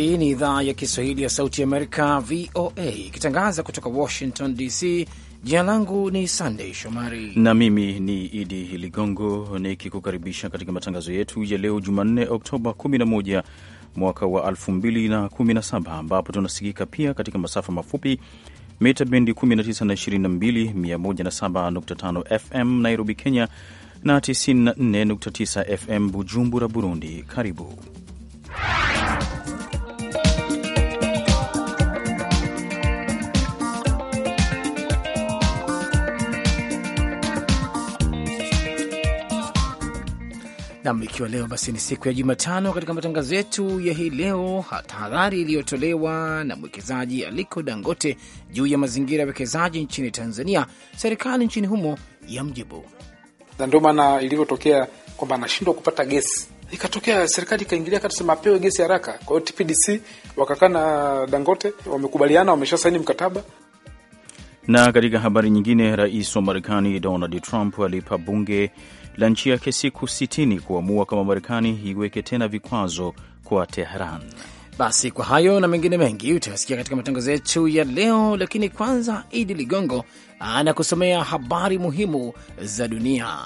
Hii ni idhaa ya Kiswahili ya Sauti Amerika, VOA, ikitangaza kutoka Washington DC. Jina langu ni Sandey Shomari na mimi ni Idi Ligongo nikikukaribisha katika matangazo yetu ya leo Jumanne, Oktoba 11 mwaka wa 2017 ambapo tunasikika pia katika masafa mafupi mita bendi 19 na 22, 107.5 FM Nairobi, Kenya na 94.9 FM Bujumbura, Burundi. Karibu nam, ikiwa leo basi ni siku ya Jumatano, katika matangazo yetu ya hii leo, tahadhari iliyotolewa na mwekezaji Aliko Dangote juu ya mazingira ya wekezaji nchini Tanzania, serikali nchini humo ya mjibu. Na ndio maana ilivyotokea kwamba anashindwa kupata gesi, ikatokea serikali ikaingilia kati sema apewe gesi haraka. Kwa hiyo TPDC wakakaa na Dangote, wamekubaliana, wamesha saini mkataba na katika habari nyingine, rais wa Marekani Donald Trump alipa bunge la nchi yake siku 60 kuamua kama Marekani iweke tena vikwazo kwa Teheran. Basi kwa hayo na mengine mengi utayasikia katika matangazo yetu ya leo, lakini kwanza Idi Ligongo anakusomea habari muhimu za dunia.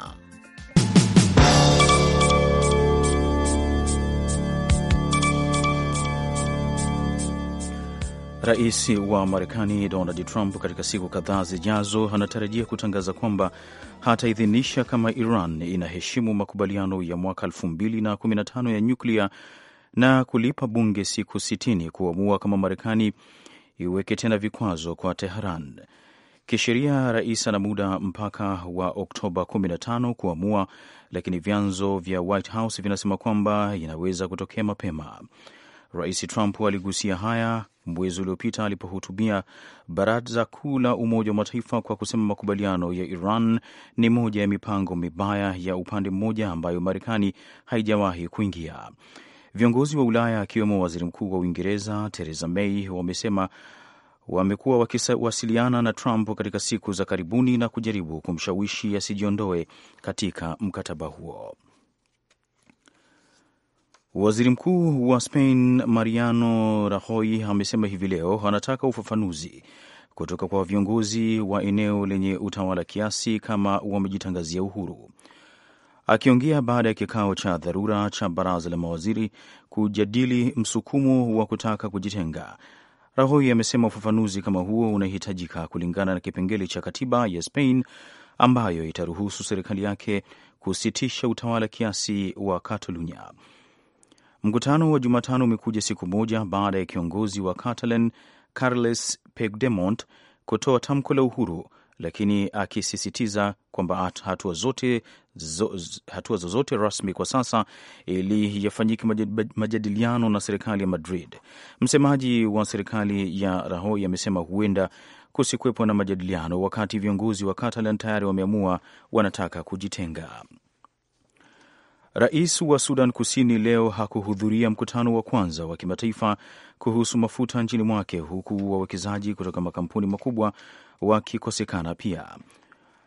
Rais wa Marekani Donald Trump katika siku kadhaa zijazo anatarajia kutangaza kwamba hataidhinisha kama Iran inaheshimu makubaliano ya mwaka 2015 ya nyuklia na kulipa bunge siku 60 kuamua kama Marekani iweke tena vikwazo kwa Teheran. Kisheria, rais ana muda mpaka wa Oktoba 15 kuamua, lakini vyanzo vya White House vinasema kwamba inaweza kutokea mapema. Rais Trump aligusia haya mwezi uliopita alipohutubia Baraza Kuu la Umoja wa Mataifa kwa kusema makubaliano ya Iran ni moja ya mipango mibaya ya upande mmoja ambayo Marekani haijawahi kuingia. Viongozi wa Ulaya akiwemo Waziri Mkuu wa Uingereza Theresa May wamesema wamekuwa wakiwasiliana na Trump katika siku za karibuni na kujaribu kumshawishi asijiondoe katika mkataba huo. Waziri Mkuu wa Spain Mariano Rajoy amesema hivi leo anataka ufafanuzi kutoka kwa viongozi wa eneo lenye utawala kiasi kama wamejitangazia uhuru. Akiongea baada ya kikao cha dharura cha baraza la mawaziri kujadili msukumo wa kutaka kujitenga, Rajoy amesema ufafanuzi kama huo unahitajika kulingana na kipengele cha katiba ya Spain ambayo itaruhusu serikali yake kusitisha utawala kiasi wa Katalunya. Mkutano wa Jumatano umekuja siku moja baada ya kiongozi wa Catalan Carles Puigdemont kutoa tamko la uhuru, lakini akisisitiza kwamba hatua zote zo, hatua zozote rasmi kwa sasa ili yafanyike majadiliano na serikali ya Madrid. Msemaji wa serikali ya Rajoy amesema huenda kusikwepo na majadiliano, wakati viongozi wa Catalan tayari wameamua wanataka kujitenga. Rais wa Sudan Kusini leo hakuhudhuria mkutano wa kwanza wa kimataifa kuhusu mafuta nchini mwake, huku wawekezaji kutoka makampuni makubwa wakikosekana pia.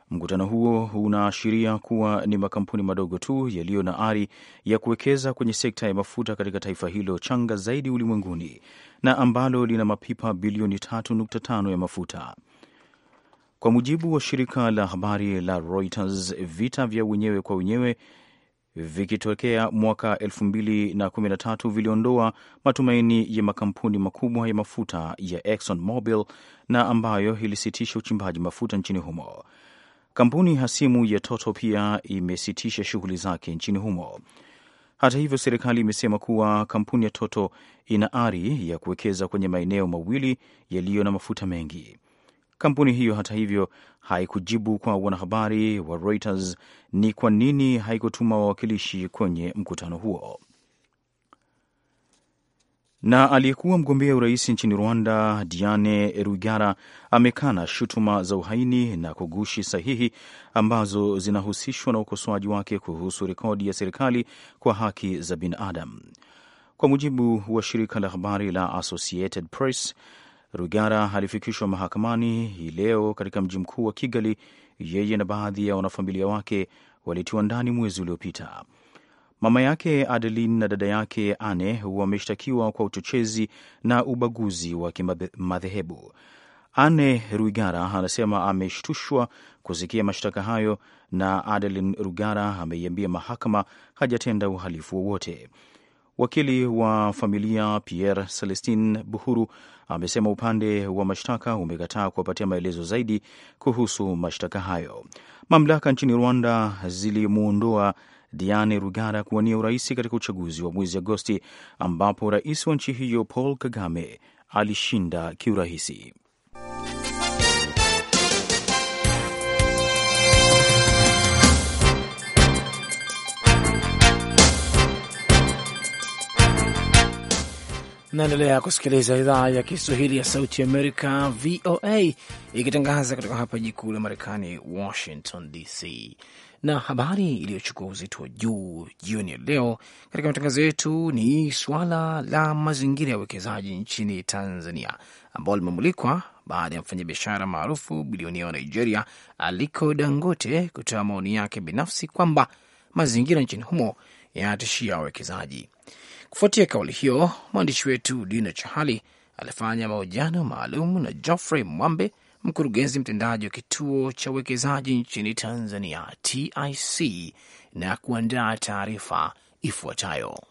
Mkutano huo unaashiria kuwa ni makampuni madogo tu yaliyo na ari ya kuwekeza kwenye sekta ya mafuta katika taifa hilo changa zaidi ulimwenguni na ambalo lina mapipa bilioni 3.5 ya mafuta. Kwa mujibu wa shirika la habari la Reuters, vita vya wenyewe kwa wenyewe vikitokea mwaka 2013 viliondoa matumaini ya makampuni makubwa ya mafuta ya Exxon Mobil na ambayo ilisitisha uchimbaji mafuta nchini humo. Kampuni hasimu ya Total pia imesitisha shughuli zake nchini humo. Hata hivyo, serikali imesema kuwa kampuni ya Total ina ari ya kuwekeza kwenye maeneo mawili yaliyo na mafuta mengi. Kampuni hiyo hata hivyo haikujibu kwa wanahabari wa Reuters ni kwa nini haikutuma wawakilishi kwenye mkutano huo. Na aliyekuwa mgombea urais nchini Rwanda Diane Rwigara amekana shutuma za uhaini na kugushi sahihi ambazo zinahusishwa na ukosoaji wake kuhusu rekodi ya serikali kwa haki za binadamu. Kwa mujibu wa shirika la habari la Associated Press, Rugara alifikishwa mahakamani hii leo katika mji mkuu wa Kigali. Yeye na baadhi ya wanafamilia wake walitiwa ndani mwezi uliopita. Mama yake Adeline na dada yake Anne wameshtakiwa kwa uchochezi na ubaguzi wa kimadhehebu. Anne Rugara anasema ameshtushwa kusikia mashtaka hayo, na Adeline Rugara ameiambia mahakama hajatenda uhalifu wowote. Wakili wa familia Pierre Celestin Buhuru amesema upande wa mashtaka umekataa kuwapatia maelezo zaidi kuhusu mashtaka hayo. Mamlaka nchini Rwanda zilimuondoa Diane Rugara kuwania urais katika uchaguzi wa mwezi Agosti ambapo rais wa nchi hiyo Paul Kagame alishinda kiurahisi. Naendelea kusikiliza idhaa ya Kiswahili ya Sauti Amerika, VOA, ikitangaza kutoka hapa jikuu la Marekani, Washington DC. Na habari iliyochukua uzito wa juu jioni ya leo katika matangazo yetu ni suala la mazingira ya uwekezaji nchini Tanzania, ambao limemulikwa baada ya mfanyabiashara maarufu bilionia wa Nigeria Aliko Dangote kutoa maoni yake binafsi kwamba mazingira nchini humo yanatishia wawekezaji. Kufuatia kauli hiyo, mwandishi wetu Dina Chahali alifanya mahojiano maalum na Geoffrey Mwambe, mkurugenzi mtendaji wa kituo cha uwekezaji nchini Tanzania, TIC, na kuandaa taarifa ifuatayo.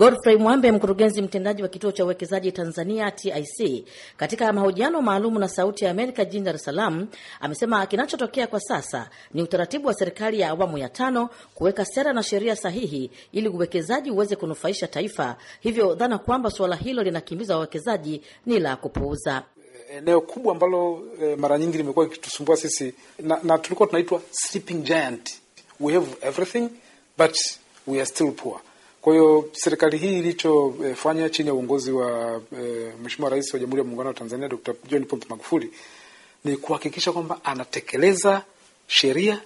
Godfrey Mwambe, mkurugenzi mtendaji wa kituo cha uwekezaji Tanzania TIC, katika mahojiano maalumu na Sauti ya Amerika jijini Dar es Salaam, amesema kinachotokea kwa sasa ni utaratibu wa serikali ya awamu ya tano kuweka sera na sheria sahihi ili uwekezaji uweze kunufaisha taifa, hivyo dhana kwamba suala hilo linakimbiza wawekezaji ni la kupuuza. Eneo kubwa ambalo e, mara nyingi limekuwa ikitusumbua sisi na, na tulikuwa tunaitwa sleeping giant, we have everything but we are still poor kwa hiyo serikali hii ilichofanya chini ya uongozi wa e, Mheshimiwa Rais wa Jamhuri ya Muungano wa Tanzania Dr. John Pombe Magufuli ni kuhakikisha kwamba anatekeleza sheria,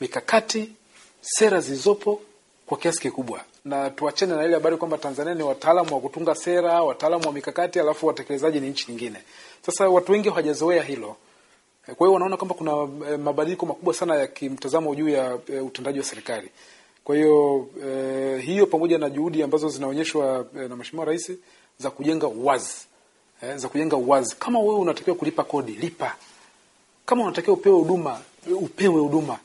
mikakati, sera zilizopo kwa kiasi kikubwa, na tuachane na ile habari kwamba Tanzania ni wataalamu wa kutunga sera, wataalamu wa mikakati, alafu watekelezaji ni nchi nyingine. Sasa watu wengi hawajazoea hilo, kwa hiyo wanaona kwamba kuna eh, mabadiliko makubwa sana ya kimtazamo juu ya eh, utendaji wa serikali. Kwa hiyo eh, hiyo pamoja na juhudi ambazo zinaonyeshwa eh, na Mheshimiwa Rais za kujenga uwazi eh, za kujenga uwazi. Kama wewe unatakiwa kulipa kodi, lipa. Kama unatakiwa upewe huduma, upewe huduma.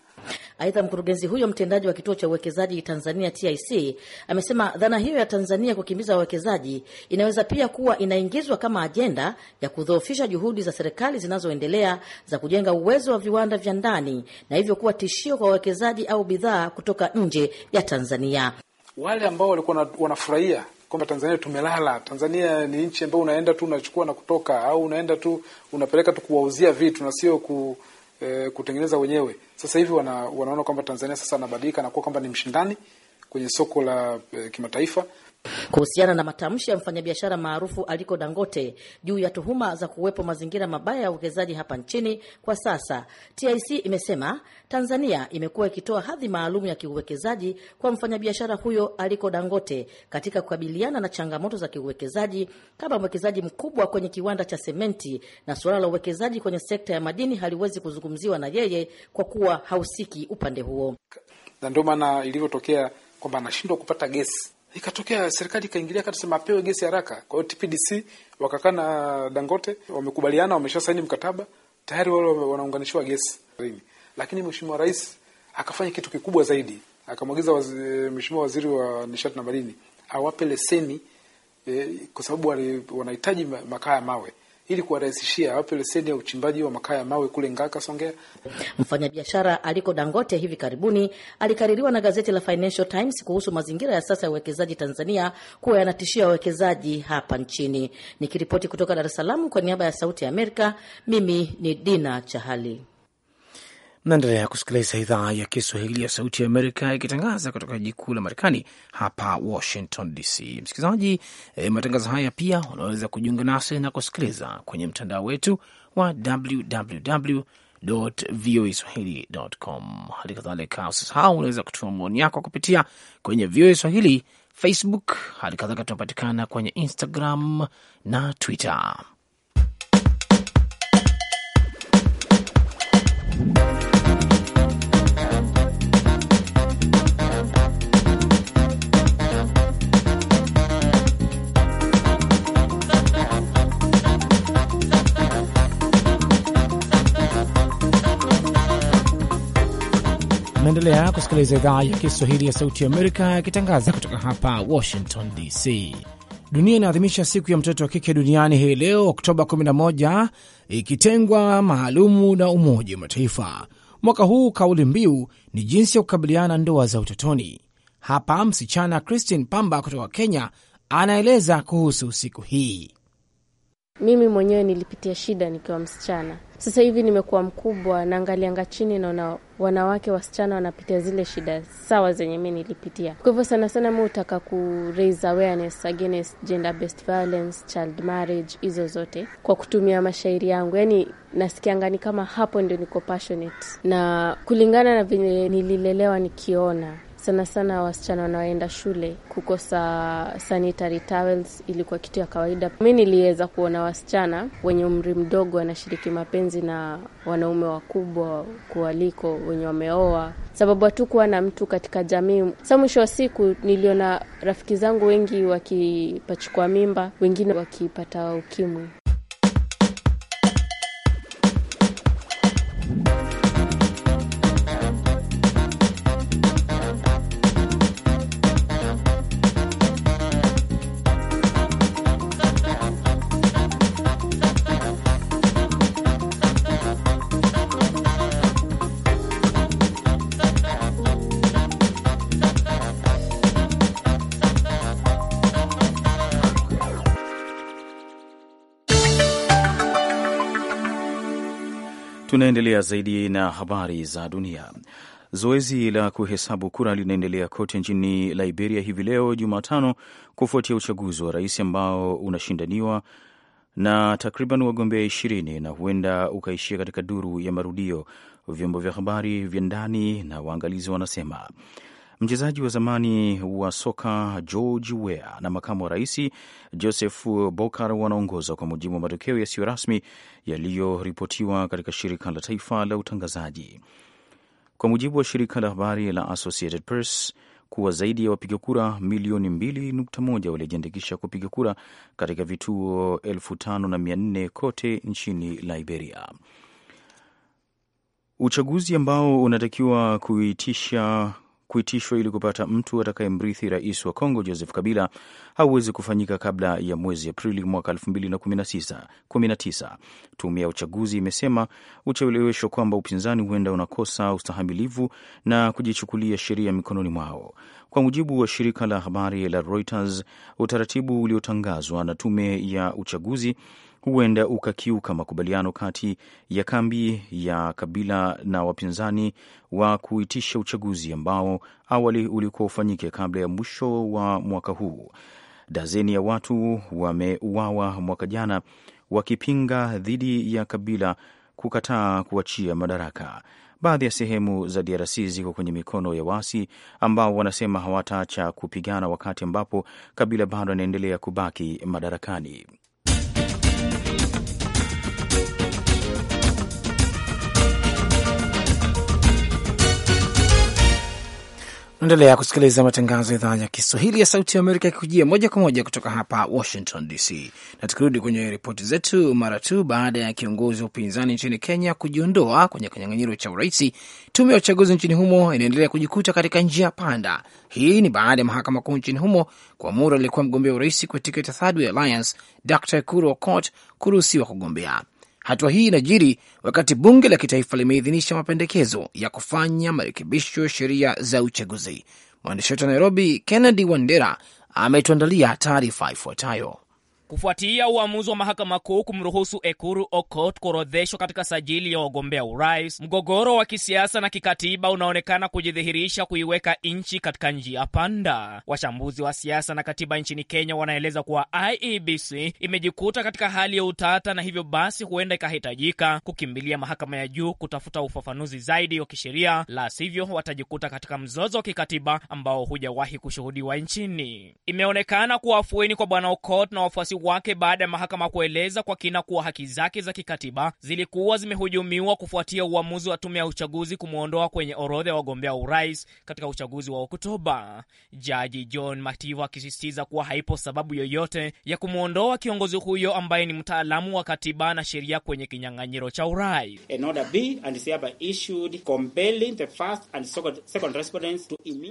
Aidha, mkurugenzi huyo mtendaji wa kituo cha uwekezaji Tanzania TIC amesema dhana hiyo ya Tanzania kukimbiza wawekezaji inaweza pia kuwa inaingizwa kama ajenda ya kudhoofisha juhudi za serikali zinazoendelea za kujenga uwezo wa viwanda vya ndani na hivyo kuwa tishio kwa wawekezaji au bidhaa kutoka nje ya Tanzania. Wale ambao walikuwa wanafurahia kwamba Tanzania tumelala, Tanzania ni nchi ambayo unaenda tu unachukua na kutoka, au unaenda tu unapeleka tu kuwauzia vitu na sio ku e, kutengeneza wenyewe. Sasa hivi wana, wanaona kwamba Tanzania sasa anabadilika na kuwa kwamba ni mshindani kwenye soko la e, kimataifa. Kuhusiana na matamshi ya mfanyabiashara maarufu Aliko Dangote juu ya tuhuma za kuwepo mazingira mabaya ya uwekezaji hapa nchini kwa sasa, TIC imesema Tanzania imekuwa ikitoa hadhi maalum ya kiuwekezaji kwa mfanyabiashara huyo Aliko Dangote katika kukabiliana na changamoto za kiuwekezaji kama mwekezaji mkubwa kwenye kiwanda cha sementi, na suala la uwekezaji kwenye sekta ya madini haliwezi kuzungumziwa na yeye kwa kuwa hausiki upande huo, na ndio maana ilivyotokea kwamba anashindwa kupata gesi. Ikatokea serikali ikaingilia kati sema apewe gesi haraka. Kwa hiyo TPDC wakakaa na Dangote, wamekubaliana, wamesha saini mkataba tayari, wale wanaunganishiwa gesi. Lakini mheshimiwa rais akafanya kitu kikubwa zaidi, akamwagiza wazi, mheshimiwa waziri wa nishati na madini awape leseni eh, kwa sababu wanahitaji makaa ya mawe ili kuwarahisishia awape leseni ya uchimbaji wa makaa ya mawe kule Ngaka, Songea. Mfanyabiashara Aliko Dangote hivi karibuni alikaririwa na gazeti la Financial Times kuhusu mazingira ya sasa ya uwekezaji Tanzania kuwa yanatishia wawekezaji hapa nchini. Nikiripoti kutoka Dar es Salaam kwa niaba ya Sauti ya Amerika, mimi ni Dina Chahali naendelea kusikiliza idhaa ya Kiswahili ya Sauti ya Amerika ikitangaza kutoka jiji kuu la Marekani hapa Washington DC. Msikilizaji, e, matangazo haya pia unaweza kujiunga nasi na kusikiliza kwenye mtandao wetu wa www voa swahili com. Hali kadhalika usisahau, unaweza kutuma maoni yako kupitia kwenye VOA Swahili Facebook. Hali kadhalika tunapatikana kwenye Instagram na Twitter. Mnaendelea kusikiliza idhaa ya Kiswahili ya Sauti ya Amerika yakitangaza kutoka hapa Washington DC. Dunia inaadhimisha siku ya mtoto wa kike duniani hii leo Oktoba 11, ikitengwa maalumu na Umoja wa Mataifa. Mwaka huu kauli mbiu ni jinsi ya kukabiliana ndoa za utotoni. Hapa msichana Christine Pamba kutoka Kenya anaeleza kuhusu siku hii. Mimi mwenyewe nilipitia shida nikiwa msichana. Sasa hivi nimekuwa mkubwa, naangalianga chini, naona wanawake wasichana wanapitia zile shida sawa zenye mi nilipitia. Kwa hivyo sana sana mi utaka ku raise awareness against gender based violence, child marriage, hizo zote kwa kutumia mashairi yangu. Yani nasikianga ni kama hapo ndio niko passionate, na kulingana na vile nililelewa nikiona sana sana wasichana wanaoenda shule. Kukosa sanitary towels ilikuwa kitu ya kawaida. Mi niliweza kuona wasichana wenye umri mdogo wanashiriki mapenzi na wanaume wakubwa kuwaliko wenye wameoa, sababu hatukuwa na mtu katika jamii. Sa mwisho wa siku niliona rafiki zangu wengi wakipachukua mimba, wengine wakipata ukimwi. Tunaendelea zaidi na habari za dunia. Zoezi la kuhesabu kura linaendelea kote nchini Liberia hivi leo Jumatano, kufuatia uchaguzi wa rais ambao unashindaniwa na takriban wagombea ishirini na huenda ukaishia katika duru ya marudio, vyombo vya habari vya ndani na waangalizi wanasema. Mchezaji wa zamani wa soka George Weah na makamu wa rais Joseph Bokar wanaongoza kwa mujibu wa matokeo yasiyo rasmi yaliyoripotiwa katika shirika la taifa la utangazaji. Kwa mujibu wa shirika la habari la Associated Press kuwa zaidi ya wapiga kura milioni 2.1 walijiandikisha kupiga kura katika vituo 5400 kote nchini Liberia. Uchaguzi ambao unatakiwa kuitisha kuitishwa ili kupata mtu atakayemrithi rais wa Kongo Joseph Kabila hauwezi kufanyika kabla ya mwezi Aprili mwaka 2019. Tume ya uchaguzi imesema uchelewesho kwamba upinzani huenda unakosa ustahamilivu na kujichukulia sheria mikononi mwao. Kwa mujibu wa shirika la habari la Reuters, utaratibu uliotangazwa na tume ya uchaguzi huenda ukakiuka makubaliano kati ya kambi ya Kabila na wapinzani wa kuitisha uchaguzi ambao awali ulikuwa ufanyike kabla ya mwisho wa mwaka huu. Dazeni ya watu wameuawa mwaka jana wakipinga dhidi ya Kabila kukataa kuachia madaraka. Baadhi ya sehemu za DRC ziko kwenye mikono ya waasi ambao wanasema hawataacha kupigana wakati ambapo Kabila bado anaendelea kubaki madarakani. Endelea kusikiliza matangazo ya idhaa ya Kiswahili ya Sauti ya Amerika yakikujia moja kwa moja kutoka hapa Washington DC. Na tukirudi kwenye ripoti zetu, mara tu baada ya kiongozi wa upinzani nchini Kenya kujiondoa kwenye kinyang'anyiro cha uraisi, tume ya uchaguzi nchini humo inaendelea kujikuta katika njia panda. Hii ni baada ya mahakama kuu nchini humo kuamuru aliyekuwa mgombea urais kwa tiketi ya Thirdway Alliance Dr Kuro Aukot kuruhusiwa kugombea. Hatua hii inajiri wakati bunge la kitaifa limeidhinisha mapendekezo ya kufanya marekebisho ya sheria za uchaguzi. Mwandishi wetu wa Nairobi, Kennedy Wandera, ametuandalia taarifa ifuatayo kufuatia uamuzi wa mahakama kuu kumruhusu Ekuru Okot kuorodheshwa katika sajili ya wagombea urais. Mgogoro wa kisiasa na kikatiba unaonekana kujidhihirisha kuiweka nchi katika njia panda. Wachambuzi wa siasa na katiba nchini Kenya wanaeleza kuwa IEBC imejikuta katika hali ya utata, na hivyo basi huenda ikahitajika kukimbilia mahakama ya juu kutafuta ufafanuzi zaidi wa kisheria, la sivyo watajikuta katika mzozo wa kikatiba ambao hujawahi kushuhudiwa nchini. Imeonekana kuwa afueni kwa Bwana Okot na wafuasi wake baada ya mahakama kueleza kwa kina kuwa haki zake za kikatiba zilikuwa zimehujumiwa kufuatia uamuzi wa tume ya uchaguzi kumwondoa kwenye orodha ya wagombea urais katika uchaguzi wa Oktoba. Jaji John Mativo akisisitiza kuwa haipo sababu yoyote ya kumwondoa kiongozi huyo ambaye ni mtaalamu wa katiba na sheria kwenye kinyang'anyiro cha urais.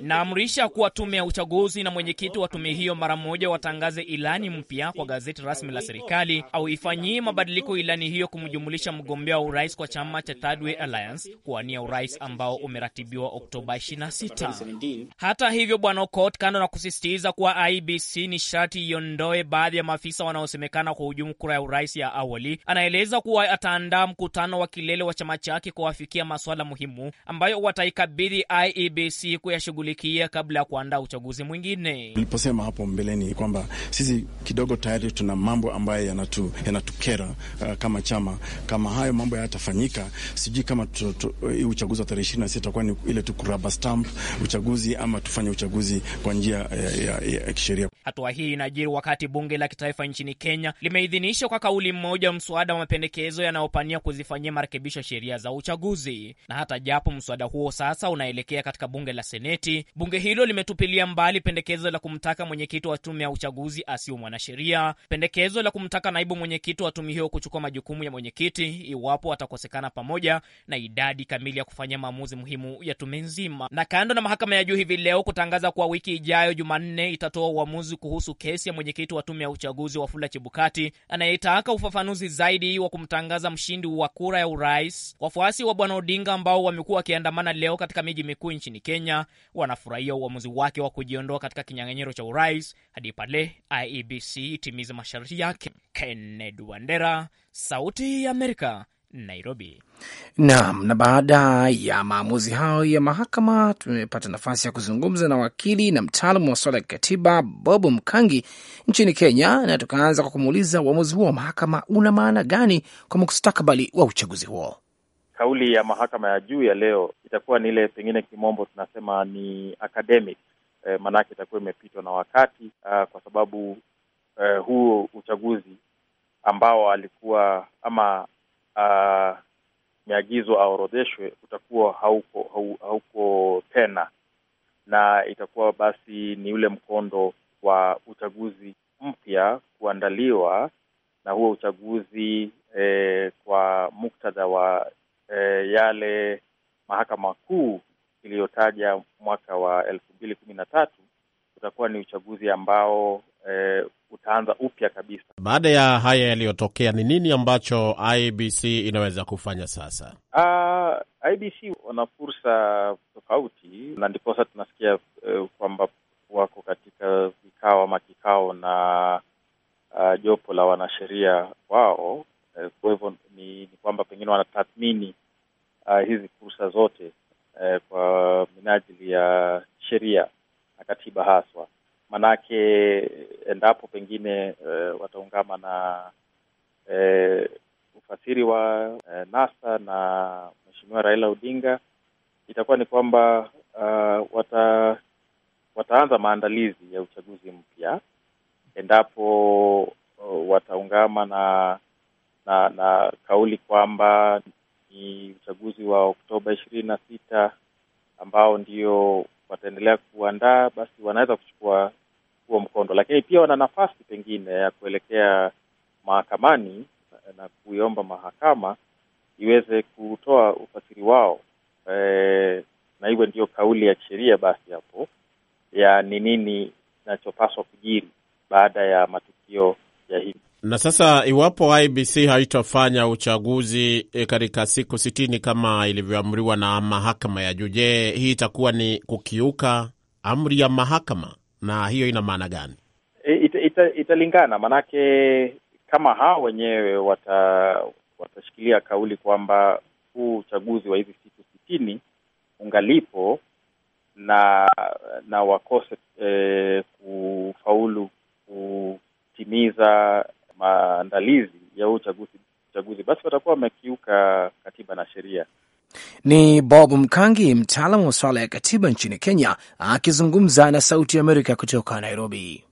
Naamrisha kuwa tume ya uchaguzi na mwenyekiti wa tume hiyo mara moja watangaze ilani mpya kwa gazeti rasmi la serikali au ifanyie mabadiliko ilani hiyo kumjumulisha mgombea wa urais kwa chama cha Thirdway Alliance kuwania urais ambao umeratibiwa Oktoba 26. Hata hivyo, Bwana Okot, kando na kusisitiza kuwa IBC ni sharti iondoe baadhi ya maafisa wanaosemekana kwa hujumu kura ya urais ya awali, anaeleza kuwa ataandaa mkutano wa kilele wa chama chake kuwafikia masuala muhimu ambayo wataikabidhi IEBC kuyashughulikia kabla ya kuandaa uchaguzi mwingine. Niliposema hapo mbeleni kwamba sisi kidogo tayari wakati tuna mambo ambayo yanatu, yanatukera uh, kama chama. Kama hayo mambo yatafanyika, sijui kama uchaguzi wa tarehe ishirini na sita itakuwa ni ile tu kuraba stamp uchaguzi ama tufanye uchaguzi kwa njia ya, ya, ya kisheria. Hatua hii inajiri wakati bunge la kitaifa nchini Kenya limeidhinisha kwa kauli mmoja mswada wa mapendekezo yanayopania kuzifanyia marekebisho sheria za uchaguzi. Na hata japo mswada huo sasa unaelekea katika bunge la Seneti, bunge hilo limetupilia mbali pendekezo la kumtaka mwenyekiti wa tume ya uchaguzi asio mwanasheria, pendekezo la kumtaka naibu mwenyekiti wa tume hiyo kuchukua majukumu ya mwenyekiti iwapo atakosekana, pamoja na idadi kamili ya kufanyia maamuzi muhimu ya tume nzima. Na kando na mahakama ya juu hivi leo kutangaza kuwa wiki ijayo Jumanne itatoa uamuzi uchunguzi kuhusu kesi ya mwenyekiti wa tume ya uchaguzi wa fula Chebukati anayetaka ufafanuzi zaidi wa kumtangaza mshindi wa kura ya urais. Wafuasi wa bwana Odinga ambao wamekuwa wakiandamana leo katika miji mikuu nchini Kenya wanafurahia uamuzi wake wa kujiondoa katika kinyang'anyiro cha urais hadi pale IEBC itimize masharti yake. Kennedy Wandera, Sauti ya Amerika, Nairobi. Naam, na baada ya maamuzi hayo ya mahakama tumepata nafasi ya kuzungumza na wakili na mtaalamu wa swala ya kikatiba Bob Mkangi nchini Kenya, na tukaanza kwa kumuuliza uamuzi huo wa mahakama una maana gani kwa mustakabali wa uchaguzi huo. Kauli ya mahakama ya juu ya leo itakuwa ni ile, pengine kimombo tunasema ni academic e, maanake itakuwa imepitwa na wakati a, ah, kwa sababu e, huo uchaguzi ambao alikuwa ama ameagizwa uh, aorodheshwe utakuwa hauko, hau, hauko tena, na itakuwa basi ni ule mkondo wa uchaguzi mpya kuandaliwa, na huo uchaguzi eh, kwa muktadha wa eh, yale mahakama kuu iliyotaja mwaka wa elfu mbili kumi na tatu utakuwa ni uchaguzi ambao eh, utaanza upya kabisa. Baada ya haya yaliyotokea, ni nini ambacho IBC inaweza kufanya sasa? Uh, ah, IBC wana fursa tofauti, na ndiposa tunasikia e, kwamba wako katika vikao ama kikao na uh, jopo la wanasheria wao. Eh, kwa hivyo ni, ni kwamba pengine wanatathmini uh, hizi fursa zote uh, kwa minajili ya sheria na katiba haswa. Manake endapo pengine uh, eh, wataungama na uh, ufasiri wa uh, NASA na Mheshimiwa Raila Odinga, itakuwa ni kwamba uh, wata, wataanza maandalizi ya uchaguzi mpya endapo uh, oh, wataungama na, na na kauli kwamba ni uchaguzi wa Oktoba ishirini na sita ambao ndio wataendelea kuandaa, basi wanaweza kuchukua huo mkondo, lakini pia wana nafasi pengine ya kuelekea mahakamani na, kuiomba mahakama iweze kutoa ufasiri wao e, na iwe ndio kauli ya kisheria basi hapo ya ni nini kinachopaswa kujiri baada ya matukio ya hivi na sasa iwapo IBC haitofanya uchaguzi e, katika siku sitini kama ilivyoamriwa na mahakama ya juu, je, hii itakuwa ni kukiuka amri ya mahakama? Na hiyo ina maana gani? E, ita, ita, italingana manake kama hao wenyewe wata, watashikilia kauli kwamba huu uchaguzi wa hizi siku sitini ungalipo na na wakose eh, kufaulu kutimiza maandalizi ya uchaguzi uchaguzi, basi watakuwa wamekiuka katiba na sheria. Ni Bob Mkangi, mtaalamu wa swala ya katiba nchini Kenya, akizungumza na Sauti ya Amerika kutoka Nairobi.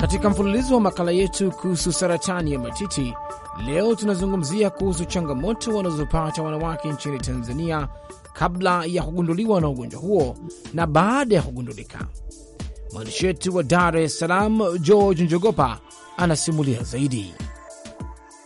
Katika mfululizo wa makala yetu kuhusu saratani ya matiti, Leo tunazungumzia kuhusu changamoto wanazopata wanawake nchini Tanzania kabla ya kugunduliwa na ugonjwa huo na baada ya kugundulika. Mwandishi wetu wa Dar es Salaam, George Njogopa, anasimulia zaidi.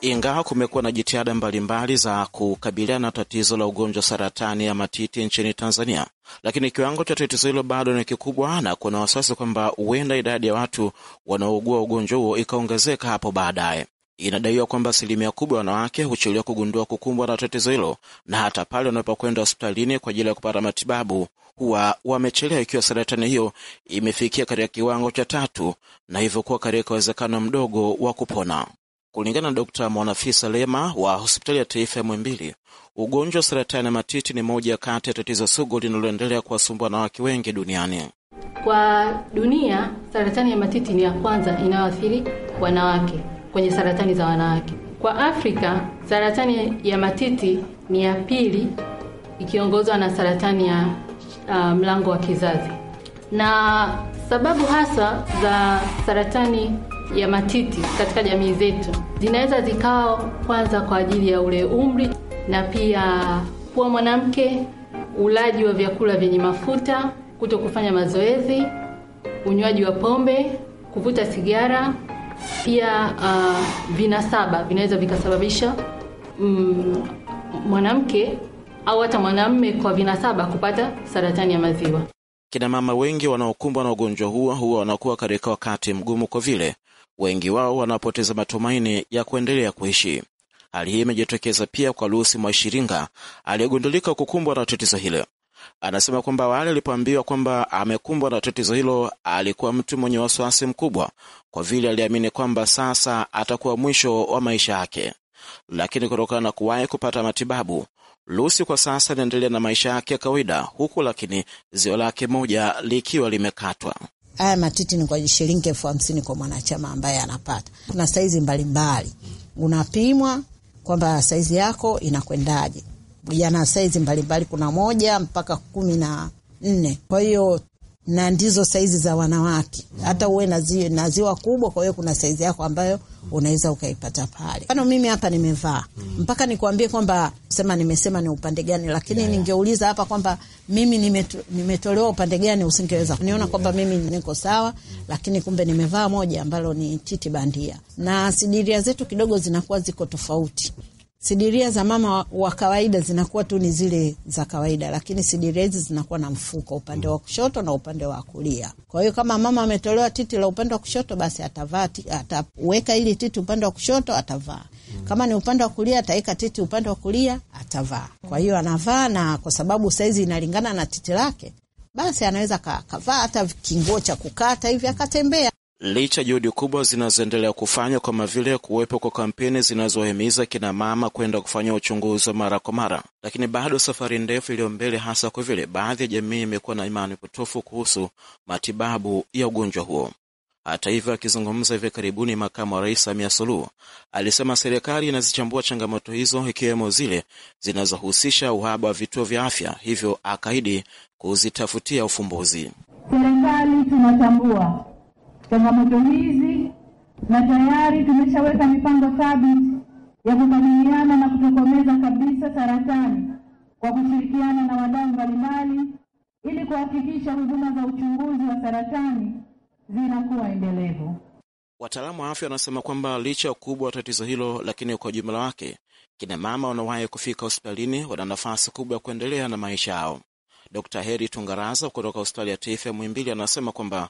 Ingawa kumekuwa na jitihada mbalimbali za kukabiliana na tatizo la ugonjwa saratani ya matiti nchini Tanzania, lakini kiwango cha tatizo hilo bado ni kikubwa, na kuna wasiwasi kwamba huenda idadi ya watu wanaougua ugonjwa huo ikaongezeka hapo baadaye. Inadaiwa kwamba asilimia kubwa ya wanawake huchelewa kugundua kukumbwa na tatizo hilo, na hata pale wanapokwenda hospitalini kwa ajili ya kupata matibabu huwa wamechelewa, ikiwa saratani hiyo imefikia katika kiwango cha tatu na hivyo kuwa katika uwezekano mdogo wa kupona. Kulingana na Dr Mwanafisa Lema wa hospitali ya taifa ya Muhimbili, ugonjwa wa saratani ya matiti ni moja kati ya tatizo sugu linaloendelea kuwasumbua wanawake wengi duniani. Kwa dunia, saratani ya matiti ni ya kwanza inayoathiri wanawake kwenye saratani za wanawake. Kwa Afrika, saratani ya matiti ni ya pili ikiongozwa na saratani ya uh, mlango wa kizazi. Na sababu hasa za saratani ya matiti katika jamii zetu zinaweza zikawa kwanza kwa ajili ya ule umri, na pia kuwa mwanamke, ulaji wa vyakula vyenye mafuta, kuto kufanya mazoezi, unywaji wa pombe, kuvuta sigara pia uh, vinasaba vinaweza vikasababisha mm, mwanamke au hata mwanamume kwa vinasaba kupata saratani ya maziwa. Kina mama wengi wanaokumbwa na ugonjwa huo huwa wanakuwa katika wakati mgumu, kwa vile wengi wao wanapoteza matumaini ya kuendelea kuishi. Hali hii imejitokeza pia kwa Lusi Mwashiringa aliyegundulika kukumbwa na tatizo hilo. Anasema kwamba wale alipoambiwa kwamba amekumbwa na tatizo hilo, alikuwa mtu mwenye wasiwasi mkubwa, kwa vile aliamini kwamba sasa atakuwa mwisho wa maisha yake, lakini kutokana na kuwahi kupata matibabu Lucy kwa sasa anaendelea na maisha yake ya kawaida huku, lakini zio lake moja likiwa limekatwa. Haya matiti ni kwa shilingi elfu hamsini kwa mwanachama ambaye anapata. Kuna saizi mbalimbali, unapimwa kwamba saizi yako inakwendaje yana saizi mbalimbali, kuna moja mpaka kumi na nne. Kwa hiyo na ndizo saizi za wanawake, hata uwe na ziwa kubwa. Kwa hiyo kuna saizi yako ambayo unaweza ukaipata pale. Mfano mimi hapa nimevaa mpaka nikuambie kwamba sema nimesema ni upande gani, lakini yeah, ningeuliza hapa kwamba mimi nimeto, nimetolewa upande gani, usingeweza kuniona kwamba mimi niko sawa, lakini kumbe nimevaa moja ambalo ni titi bandia, na sidiria zetu kidogo zinakuwa ziko tofauti. Sidiria za mama wa kawaida zinakuwa tu ni zile za kawaida, lakini sidiria hizi zinakuwa na mfuko upande wa kushoto na upande wa kulia. Kwa hiyo kama mama ametolewa titi la upande wa kushoto, basi atavaa ataweka hili titi upande wa kushoto, atavaa kama ni upande wa kulia ataweka titi upande wa kulia, atavaa. Kwa hiyo anavaa, na kwa sababu saizi inalingana na titi lake, basi anaweza kavaa hata kinguo cha kukata hivi akatembea. Licha juhudi kubwa zinazoendelea kufanywa kama vile kuwepo kwa kampeni zinazohimiza kinamama kwenda kufanya uchunguzi wa mara kwa mara, lakini bado safari ndefu iliyo mbele, hasa kwa vile baadhi ya jamii imekuwa na imani potofu kuhusu matibabu ya ugonjwa huo. Hata hivyo, akizungumza hivi karibuni, makamu wa rais Samia Suluhu alisema serikali inazichambua changamoto hizo, ikiwemo zile zinazohusisha uhaba wa vituo vya afya, hivyo akaahidi kuzitafutia ufumbuzi. Serikali tunatambua changamoto hizi na tayari tumeshaweka mipango thabiti ya kukabiliana na kutokomeza kabisa saratani kwa kushirikiana na wadau mbalimbali ili kuhakikisha huduma za uchunguzi wa saratani zinakuwa endelevu. Wataalamu wa afya wanasema kwamba licha ya ukubwa wa tatizo hilo, lakini kwa ujumla wake kina mama wanawahi kufika hospitalini wana nafasi kubwa ya kuendelea na maisha yao. d Heri Tungaraza kutoka hospitali ya taifa ya Muhimbili anasema kwamba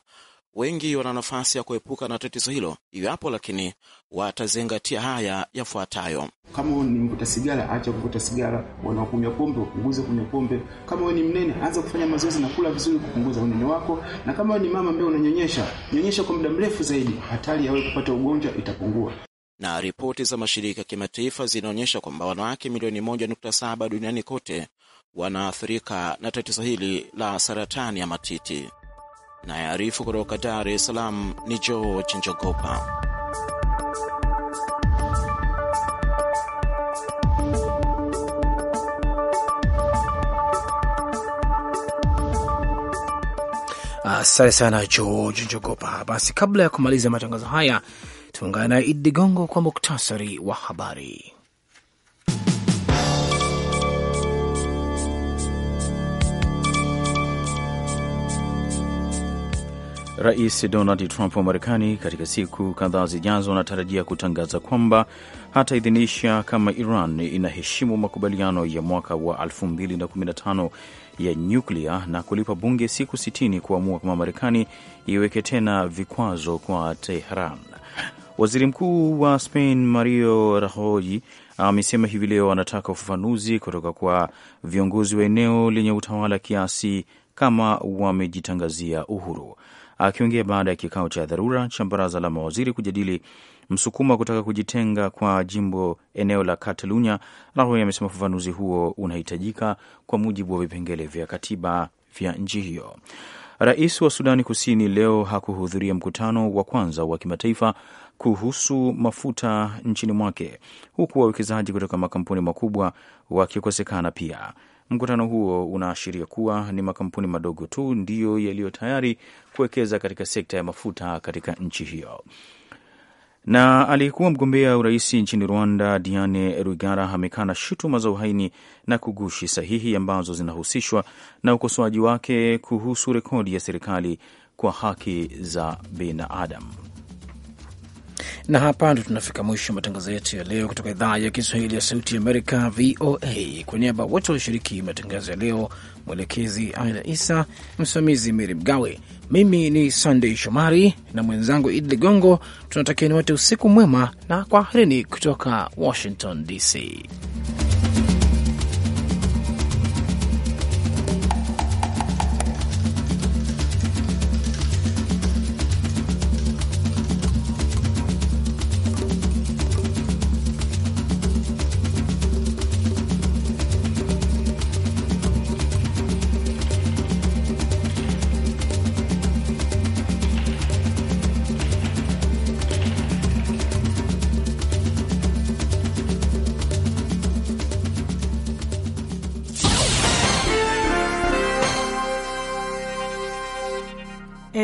wengi wana nafasi ya kuepuka na tatizo hilo iwapo lakini watazingatia haya yafuatayo. Kama ni mvuta sigara, acha kuvuta sigara. Wanaokunywa pombe, upunguze kunywa pombe. Kama wewe ni mnene, anza kufanya mazoezi na kula vizuri, kupunguza unene wako. Na kama wewe ni mama ambaye unanyonyesha, nyonyesha kwa muda mrefu zaidi, hatari ya wewe kupata ugonjwa itapungua. Na ripoti za mashirika ya kimataifa zinaonyesha kwamba wanawake milioni 1.7 duniani kote wanaathirika na tatizo hili la saratani ya matiti. Nayearifu kutoka Dar es Salaam ni George Njogopa. Asante sana George Njogopa. Basi kabla ya kumaliza matangazo haya, tuungana na Idi Gongo kwa muktasari wa habari. Rais Donald Trump wa Marekani katika siku kadhaa zijazo anatarajia kutangaza kwamba hataidhinisha kama Iran inaheshimu makubaliano ya mwaka wa 2015 ya nyuklia na kulipa bunge siku 60 kuamua kama Marekani iweke tena vikwazo kwa Teheran. Waziri Mkuu wa Spain Mario Rajoy amesema hivi leo anataka ufafanuzi kutoka kwa viongozi wa eneo lenye utawala kiasi kama wamejitangazia uhuru akiongea baada ya kikao cha dharura cha baraza la mawaziri kujadili msukuma kutaka kujitenga kwa jimbo eneo la Katalunya. Rajoy amesema ufafanuzi huo unahitajika kwa mujibu wa vipengele vya katiba vya nchi hiyo. Rais wa Sudani Kusini leo hakuhudhuria mkutano wa kwanza wa kimataifa kuhusu mafuta nchini mwake, huku wawekezaji kutoka makampuni makubwa wakikosekana pia. Mkutano huo unaashiria kuwa ni makampuni madogo tu ndiyo yaliyo tayari kuwekeza katika sekta ya mafuta katika nchi hiyo. Na aliyekuwa mgombea urais nchini Rwanda, Diane Rwigara amekana shutuma za uhaini na kugushi sahihi ambazo zinahusishwa na ukosoaji wake kuhusu rekodi ya serikali kwa haki za binadamu. Na hapa ndo tunafika mwisho matangazo yetu ya leo kutoka idhaa ya Kiswahili ya Sauti Amerika, VOA. Kwa niaba wote walioshiriki matangazo ya leo, mwelekezi Aida Isa, msimamizi Meri Mgawe, mimi ni sandey Shomari na mwenzangu Idi Ligongo, tunatakieni wote usiku mwema na kwaherini kutoka Washington DC.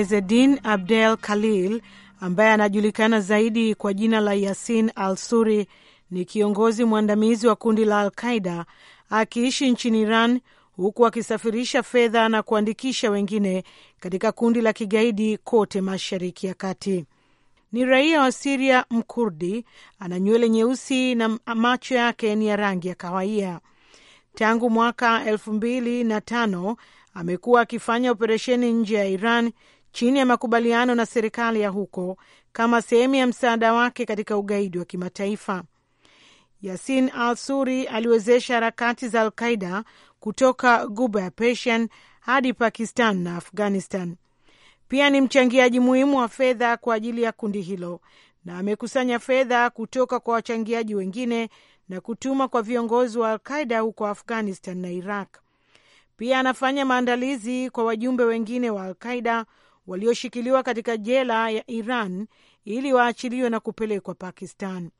Ezedin Abdel Khalil ambaye anajulikana zaidi kwa jina la Yasin al-Suri ni kiongozi mwandamizi wa kundi la Al-Qaida akiishi nchini Iran huku akisafirisha fedha na kuandikisha wengine katika kundi la kigaidi kote Mashariki ya Kati. Ni raia wa Siria, Mkurdi, ana nywele nyeusi na macho yake ni ya rangi ya kahawia. Tangu mwaka elfu mbili na tano amekuwa akifanya operesheni nje ya Iran chini ya makubaliano na serikali ya huko kama sehemu ya msaada wake katika ugaidi wa kimataifa. Yasin al Suri aliwezesha harakati za Alqaida kutoka guba ya Persian hadi Pakistan na Afghanistan. Pia ni mchangiaji muhimu wa fedha kwa ajili ya kundi hilo na amekusanya fedha kutoka kwa wachangiaji wengine na kutuma kwa viongozi wa Alqaida huko Afghanistan na Iraq. Pia anafanya maandalizi kwa wajumbe wengine wa Alqaida walioshikiliwa katika jela ya Iran ili waachiliwe na kupelekwa Pakistan.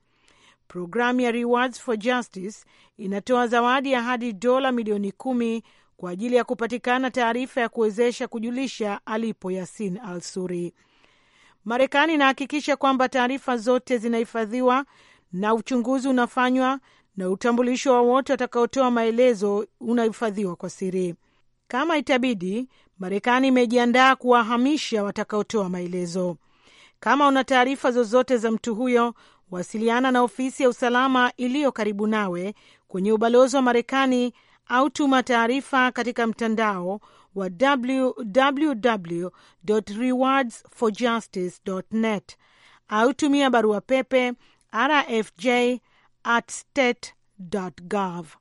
Programu ya Rewards for Justice inatoa zawadi ya hadi dola milioni kumi kwa ajili ya kupatikana taarifa ya kuwezesha kujulisha alipo Yasin al Suri. Marekani inahakikisha kwamba taarifa zote zinahifadhiwa na uchunguzi unafanywa na utambulisho wa wote watakaotoa maelezo unahifadhiwa kwa siri. Kama itabidi, Marekani imejiandaa kuwahamisha watakaotoa maelezo. Kama una taarifa zozote za mtu huyo, wasiliana na ofisi ya usalama iliyo karibu nawe kwenye ubalozi wa Marekani au tuma taarifa katika mtandao wa www rewards for justice net au tumia barua pepe rfj at state gov.